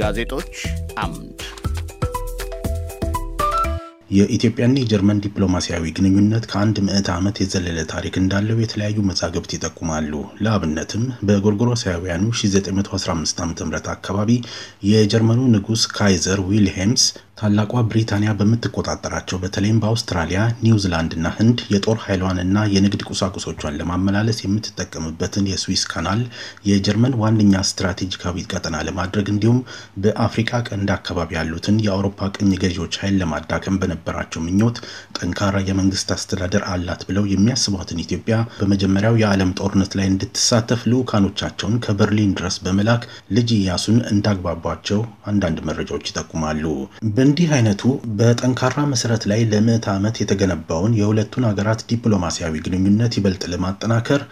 ጋዜጦች አምድ የኢትዮጵያና የጀርመን ዲፕሎማሲያዊ ግንኙነት ከአንድ ምዕት ዓመት የዘለለ ታሪክ እንዳለው የተለያዩ መዛግብት ይጠቁማሉ። ለአብነትም በጎርጎሮሳውያኑ 1915 ዓ ም አካባቢ የጀርመኑ ንጉሥ ካይዘር ዊልሄምስ ታላቋ ብሪታንያ በምትቆጣጠራቸው በተለይም በአውስትራሊያ፣ ኒውዚላንድና ህንድ የጦር ኃይሏንና የንግድ ቁሳቁሶቿን ለማመላለስ የምትጠቀምበትን የስዊስ ካናል የጀርመን ዋነኛ ስትራቴጂካዊ ቀጠና ለማድረግ እንዲሁም በአፍሪካ ቀንድ አካባቢ ያሉትን የአውሮፓ ቅኝ ገዢዎች ኃይል ለማዳከም በነበራቸው ምኞት ጠንካራ የመንግስት አስተዳደር አላት ብለው የሚያስቧትን ኢትዮጵያ በመጀመሪያው የዓለም ጦርነት ላይ እንድትሳተፍ ልዑካኖቻቸውን ከበርሊን ድረስ በመላክ ልጅ ኢያሱን እንዳግባቧቸው አንዳንድ መረጃዎች ይጠቁማሉ። እንዲህ አይነቱ በጠንካራ መሰረት ላይ ለምዕት ዓመት የተገነባውን የሁለቱን ሀገራት ዲፕሎማሲያዊ ግንኙነት ይበልጥ ለማጠናከር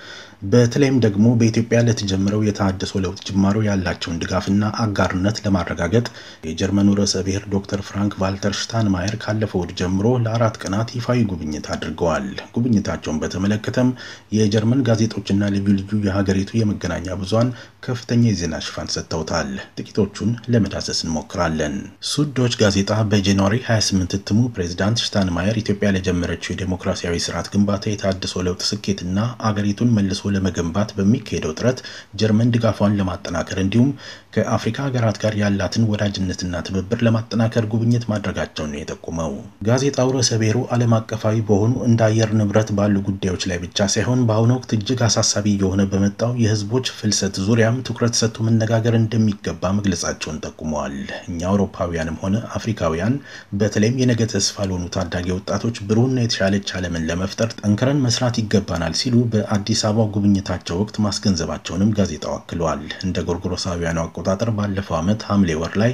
በተለይም ደግሞ በኢትዮጵያ ለተጀመረው የተሃድሶ ለውጥ ጅማሮ ያላቸውን ድጋፍና አጋርነት ለማረጋገጥ የጀርመኑ ርዕሰ ብሔር ዶክተር ፍራንክ ቫልተር ሽታንማየር ካለፈው እሁድ ጀምሮ ለአራት ቀናት ይፋዊ ጉብኝት አድርገዋል። ጉብኝታቸውን በተመለከተም የጀርመን ጋዜጦችና ልዩ ልዩ የሀገሪቱ የመገናኛ ብዙሃን ከፍተኛ የዜና ሽፋን ሰጥተውታል። ጥቂቶቹን ለመዳሰስ እንሞክራለን። ሱዶች ጋዜጣ በጃንዋሪ 28 እትሙ ፕሬዚዳንት ሽታንማየር ኢትዮጵያ ለጀመረችው የዴሞክራሲያዊ ስርዓት ግንባታ የተሃድሶ ለውጥ ስኬትና አገሪቱን መልሶ ለመገንባት በሚካሄደው ጥረት ጀርመን ድጋፏን ለማጠናከር እንዲሁም ከአፍሪካ ሀገራት ጋር ያላትን ወዳጅነትና ትብብር ለማጠናከር ጉብኝት ማድረጋቸውን ነው የጠቁመው። ጋዜጣው ርዕሰ ብሔሩ ዓለም አቀፋዊ በሆኑ እንደ አየር ንብረት ባሉ ጉዳዮች ላይ ብቻ ሳይሆን በአሁኑ ወቅት እጅግ አሳሳቢ እየሆነ በመጣው የህዝቦች ፍልሰት ዙሪያም ትኩረት ሰጥቶ መነጋገር እንደሚገባ መግለጻቸውን ጠቁመዋል። እኛ አውሮፓውያንም ሆነ አፍሪካውያን በተለይም የነገ ተስፋ ለሆኑ ታዳጊ ወጣቶች ብሩህና የተሻለች ዓለምን ለመፍጠር ጠንክረን መስራት ይገባናል ሲሉ በአዲስ አበባ ጉብኝታቸው ወቅት ማስገንዘባቸውንም ጋዜጣው አክሏል። እንደ ጎርጎሮሳውያኑ አቆጣጠር ባለፈው ዓመት ሐምሌ ወር ላይ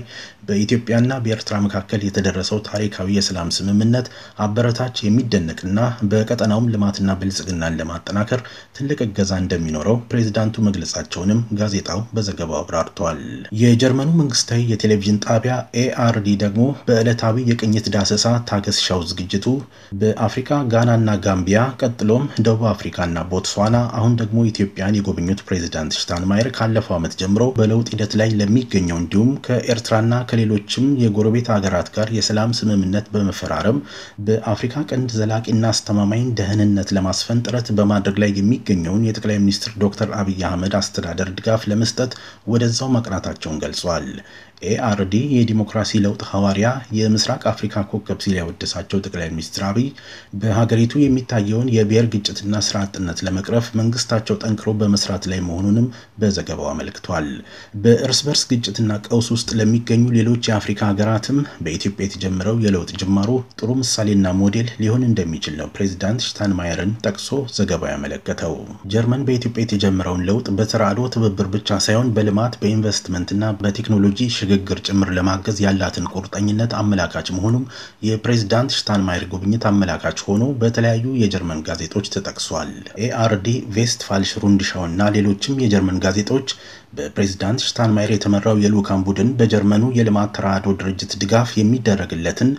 በኢትዮጵያና በኤርትራ መካከል የተደረሰው ታሪካዊ የሰላም ስምምነት አበረታች የሚደነቅና በቀጠናውም ልማትና ብልጽግናን ለማጠናከር ትልቅ እገዛ እንደሚኖረው ፕሬዚዳንቱ መግለጻቸውንም ጋዜጣው በዘገባው አብራርተዋል። የጀርመኑ መንግስታዊ የቴሌቪዥን ጣቢያ ኤአርዲ ደግሞ በዕለታዊ የቅኝት ዳሰሳ ታገስ ሻው ዝግጅቱ በአፍሪካ ጋናና ጋምቢያ ቀጥሎም ደቡብ አፍሪካና ቦትስዋና አሁን ደግሞ ኢትዮጵያን የጎበኙት ፕሬዚዳንት ሽታንማየር ካለፈው ዓመት ጀምሮ በለውጥ ሂደት ላይ ለሚገኘው እንዲሁም ከኤርትራና ከሌሎችም የጎረቤት ሀገራት ጋር የሰላም ስምምነት በመፈራረም በአፍሪካ ቀንድ ዘላቂና አስተማማኝ ደህንነት ለማስፈን ጥረት በማድረግ ላይ የሚገኘውን የጠቅላይ ሚኒስትር ዶክተር አብይ አህመድ አስተዳደር ድጋፍ ለመስጠት ወደዛው ማቅናታቸውን ገልጿል። ኤአርዲ የዲሞክራሲ ለውጥ ሐዋርያ የምስራቅ አፍሪካ ኮከብ ሲል ያወደሳቸው ጠቅላይ ሚኒስትር አብይ በሀገሪቱ የሚታየውን የብሔር ግጭትና ስራ አጥነት ለመቅረፍ መንግስታቸው ጠንክሮ በመስራት ላይ መሆኑንም በዘገባው አመልክቷል። በእርስ በርስ ግጭትና ቀውስ ውስጥ ለሚገኙ ሌሎች የአፍሪካ ሀገራትም በኢትዮጵያ የተጀመረው የለውጥ ጅማሮ ጥሩ ምሳሌና ሞዴል ሊሆን እንደሚችል ነው ፕሬዚዳንት ሽታንማየርን ጠቅሶ ዘገባው ያመለከተው። ጀርመን በኢትዮጵያ የተጀመረውን ለውጥ በተራድኦ ትብብር ብቻ ሳይሆን በልማት በኢንቨስትመንትና በቴክኖሎጂ ሽግ ንግግር ጭምር ለማገዝ ያላትን ቁርጠኝነት አመላካች መሆኑም የፕሬዝዳንት ሽታንማየር ጉብኝት አመላካች ሆኖ በተለያዩ የጀርመን ጋዜጦች ተጠቅሷል። ኤአርዲ ቬስትፋልሽ ሩንድሻው እና ሌሎችም የጀርመን ጋዜጦች በፕሬዚዳንት ሽታንማየር የተመራው የልኡካን ቡድን በጀርመኑ የልማት ተራድኦ ድርጅት ድጋፍ የሚደረግለትን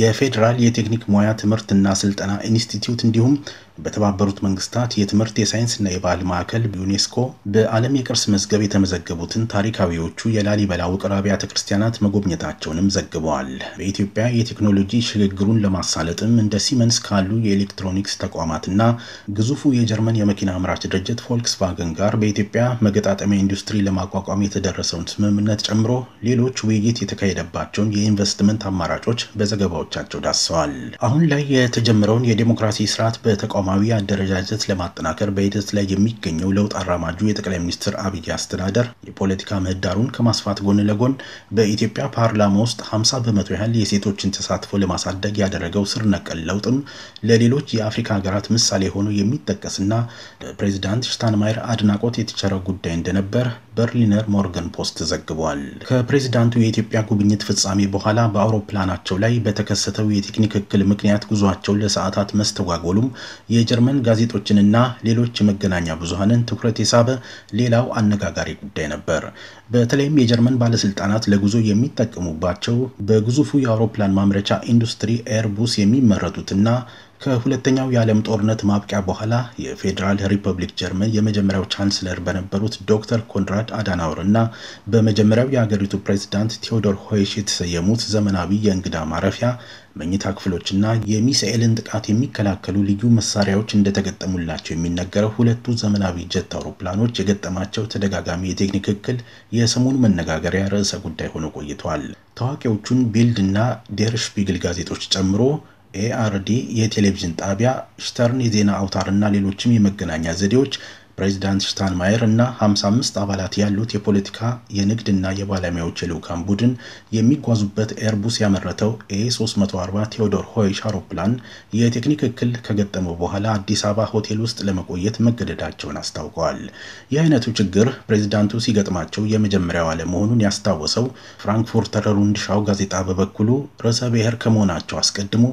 የፌዴራል የቴክኒክ ሙያ ትምህርትና ስልጠና ኢንስቲትዩት እንዲሁም በተባበሩት መንግስታት የትምህርት የሳይንስና የባህል ማዕከል ዩኔስኮ በዓለም የቅርስ መዝገብ የተመዘገቡትን ታሪካዊዎቹ የላሊበላ ውቅር አብያተ ክርስቲያናት መጎብኘታቸውንም ዘግበዋል። በኢትዮጵያ የቴክኖሎጂ ሽግግሩን ለማሳለጥም እንደ ሲመንስ ካሉ የኤሌክትሮኒክስ ተቋማትና ግዙፉ የጀርመን የመኪና አምራች ድርጅት ፎልክስቫገን ጋር በኢትዮጵያ መገጣጠሚያ ኢንዱስትሪ ለማቋቋም የተደረሰውን ስምምነት ጨምሮ ሌሎች ውይይት የተካሄደባቸውን የኢንቨስትመንት አማራጮች በዘገባዎቻቸው ዳስሰዋል። አሁን ላይ የተጀመረውን የዴሞክራሲ ስርዓት በተቋማዊ አደረጃጀት ለማጠናከር በሂደት ላይ የሚገኘው ለውጥ አራማጁ የጠቅላይ ሚኒስትር አብይ አስተዳደር የፖለቲካ ምህዳሩን ከማስፋት ጎን ለጎን በኢትዮጵያ ፓርላማ ውስጥ 50 በመቶ ያህል የሴቶችን ተሳትፎ ለማሳደግ ያደረገው ስር ነቀል ለውጥም ለሌሎች የአፍሪካ ሀገራት ምሳሌ ሆኖ የሚጠቀስና በፕሬዚዳንት ሽታንማየር አድናቆት የተቸረው ጉዳይ እንደነበር በርሊነር ሞርገን ፖስት ዘግቧል። ከፕሬዚዳንቱ የኢትዮጵያ ጉብኝት ፍጻሜ በኋላ በአውሮፕላናቸው ላይ በተከሰተው የቴክኒክ እክል ምክንያት ጉዟቸው ለሰዓታት መስተጓጎሉም የጀርመን ጋዜጦችንና ሌሎች የመገናኛ ብዙሃንን ትኩረት የሳበ ሌላው አነጋጋሪ ጉዳይ ነበር። በተለይም የጀርመን ባለስልጣናት ለጉዞ የሚጠቀሙባቸው በግዙፉ የአውሮፕላን ማምረቻ ኢንዱስትሪ ኤርቡስ የሚመረቱትና ከሁለተኛው የዓለም ጦርነት ማብቂያ በኋላ የፌዴራል ሪፐብሊክ ጀርመን የመጀመሪያው ቻንስለር በነበሩት ዶክተር ኮንራድ አዳናውር እና በመጀመሪያው የአገሪቱ ፕሬዚዳንት ቴዎዶር ሆይሽ የተሰየሙት ዘመናዊ የእንግዳ ማረፊያ መኝታ ክፍሎችና የሚሳኤልን ጥቃት የሚከላከሉ ልዩ መሳሪያዎች እንደተገጠሙላቸው የሚነገረው ሁለቱ ዘመናዊ ጀት አውሮፕላኖች የገጠማቸው ተደጋጋሚ የቴክኒክ እክል የሰሞኑ መነጋገሪያ ርዕሰ ጉዳይ ሆኖ ቆይተዋል። ታዋቂዎቹን ቢልድ እና ዴር ሽፒግል ጋዜጦች ጨምሮ ኤአርዲ የቴሌቪዥን ጣቢያ፣ ሽተርን የዜና አውታርና ሌሎችም የመገናኛ ዘዴዎች ፕሬዚዳንት ሽታንማየር እና 55 አባላት ያሉት የፖለቲካ የንግድና የባለሙያዎች የልዑካን ቡድን የሚጓዙበት ኤርቡስ ያመረተው ኤ340 ቴዎዶር ሆይሽ አውሮፕላን የቴክኒክ እክል ከገጠመው በኋላ አዲስ አበባ ሆቴል ውስጥ ለመቆየት መገደዳቸውን አስታውቀዋል። ይህ አይነቱ ችግር ፕሬዚዳንቱ ሲገጥማቸው የመጀመሪያው አለመሆኑን ያስታወሰው ፍራንክፉርተር ሩንድሻው ጋዜጣ በበኩሉ ርዕሰ ብሔር ከመሆናቸው አስቀድሞ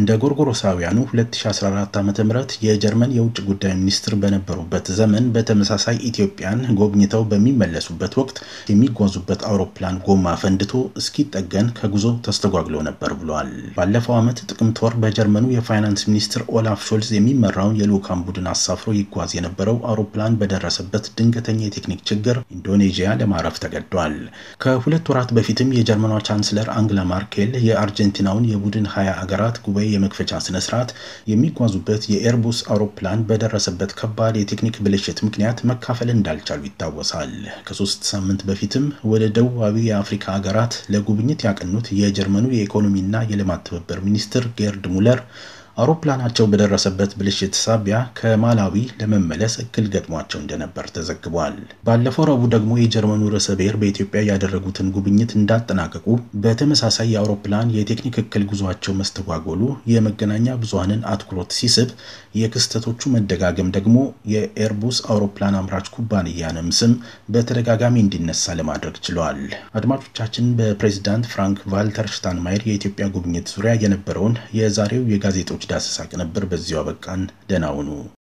እንደ ጎርጎሮሳውያኑ 2014 ዓ ም የጀርመን የውጭ ጉዳይ ሚኒስትር በነበሩበት ዘመን የመን በተመሳሳይ ኢትዮጵያን ጎብኝተው በሚመለሱበት ወቅት የሚጓዙበት አውሮፕላን ጎማ ፈንድቶ እስኪጠገን ከጉዞ ተስተጓግሎ ነበር ብሏል። ባለፈው ዓመት ጥቅምት ወር በጀርመኑ የፋይናንስ ሚኒስትር ኦላፍ ሾልዝ የሚመራውን የልዑካን ቡድን አሳፍሮ ይጓዝ የነበረው አውሮፕላን በደረሰበት ድንገተኛ የቴክኒክ ችግር ኢንዶኔዥያ ለማረፍ ተገዷል። ከሁለት ወራት በፊትም የጀርመኗ ቻንስለር አንግላ ማርኬል የአርጀንቲናውን የቡድን ሀያ አገራት ጉባኤ የመክፈቻ ስነስርዓት የሚጓዙበት የኤርቡስ አውሮፕላን በደረሰበት ከባድ የቴክኒክ ብልሽ ብልሽት ምክንያት መካፈል እንዳልቻሉ ይታወሳል። ከሶስት ሳምንት በፊትም ወደ ደቡባዊ የአፍሪካ ሀገራት ለጉብኝት ያቀኑት የጀርመኑ የኢኮኖሚና የልማት ትብብር ሚኒስትር ጌርድ ሙለር አውሮፕላናቸው በደረሰበት ብልሽት ሳቢያ ከማላዊ ለመመለስ እክል ገጥሟቸው እንደነበር ተዘግቧል። ባለፈው ረቡዕ ደግሞ የጀርመኑ ርዕሰ ብሔር በኢትዮጵያ ያደረጉትን ጉብኝት እንዳጠናቀቁ በተመሳሳይ የአውሮፕላን የቴክኒክ እክል ጉዟቸው መስተጓጎሉ የመገናኛ ብዙሃንን አትኩሮት ሲስብ፣ የክስተቶቹ መደጋገም ደግሞ የኤርቡስ አውሮፕላን አምራች ኩባንያንም ስም በተደጋጋሚ እንዲነሳ ለማድረግ ችሏል። አድማጮቻችን በፕሬዚዳንት ፍራንክ ቫልተር ሽታንማየር የኢትዮጵያ ጉብኝት ዙሪያ የነበረውን የዛሬው የጋዜጦች ዳስሳቅ ነበር። በዚሁ አበቃን። ደህና ሁኑ።